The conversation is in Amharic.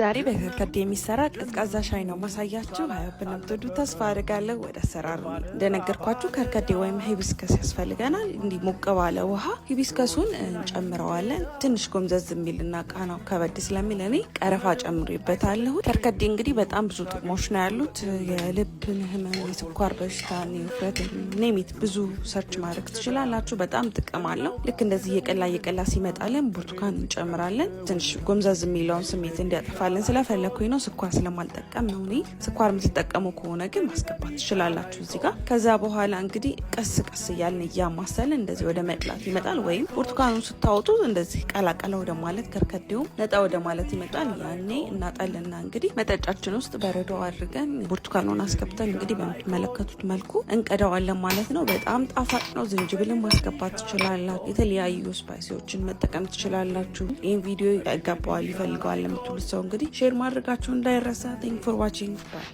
ዛሬ በከርከዴ የሚሰራ ቀዝቃዛ ሻይ ነው ማሳያችሁ። ብንምትወዱ ተስፋ አድርጋለሁ። ወደ አሰራሩ እንደነገርኳችሁ ከርከዴ ወይም ሂቢስከስ ያስፈልገናል። እንዲህ ሞቅ ባለ ውሃ ሂቢስከሱን እንጨምረዋለን። ትንሽ ጎምዘዝ የሚልና ቃናው ከበድ ስለሚል እኔ ቀረፋ ጨምሬበታለሁ። ከርከዴ እንግዲህ በጣም ብዙ ጥቅሞች ነው ያሉት። የልብ ህመም፣ የስኳር በሽታ፣ የውፍረት ኔሚት ብዙ ሰርች ማድረግ ትችላላችሁ። በጣም ጥቅም አለው። ልክ እንደዚህ የቀላ የቀላ ሲመጣለን ብርቱካን እንጨምራለን። ትንሽ ጎምዘዝ የሚለውን ስሜት እንዲያጠፋ እናደርጋለን። ስለፈለግኩኝ ነው፣ ስኳር ስለማልጠቀም ነው እኔ። ስኳር የምትጠቀሙ ከሆነ ግን ማስገባት ትችላላችሁ እዚህ ጋር። ከዛ በኋላ እንግዲህ ቀስ ቀስ እያልን እያማሰልን እንደዚህ ወደ መቅላት ይመጣል። ወይም ብርቱካኑን ስታወጡ እንደዚህ ቀላቀላ ወደ ማለት ከርከዴውም ነጣ ወደ ማለት ይመጣል። ያኔ እናጣልና እንግዲህ መጠጫችን ውስጥ በረዶ አድርገን ብርቱካኑን አስገብተን እንግዲህ በምትመለከቱት መልኩ እንቀዳዋለን ማለት ነው። በጣም ጣፋጭ ነው። ዝንጅብልን ማስገባት ትችላላችሁ። የተለያዩ ስፓይሲዎችን መጠቀም ትችላላችሁ። ይህን ቪዲዮ ያጋባዋል ይፈልገዋል ለምትሉት ሰው እንግዲህ ሼር ማድረጋችሁ እንዳይረሳ። ቴንክ ፎር ዋቺንግ ባይ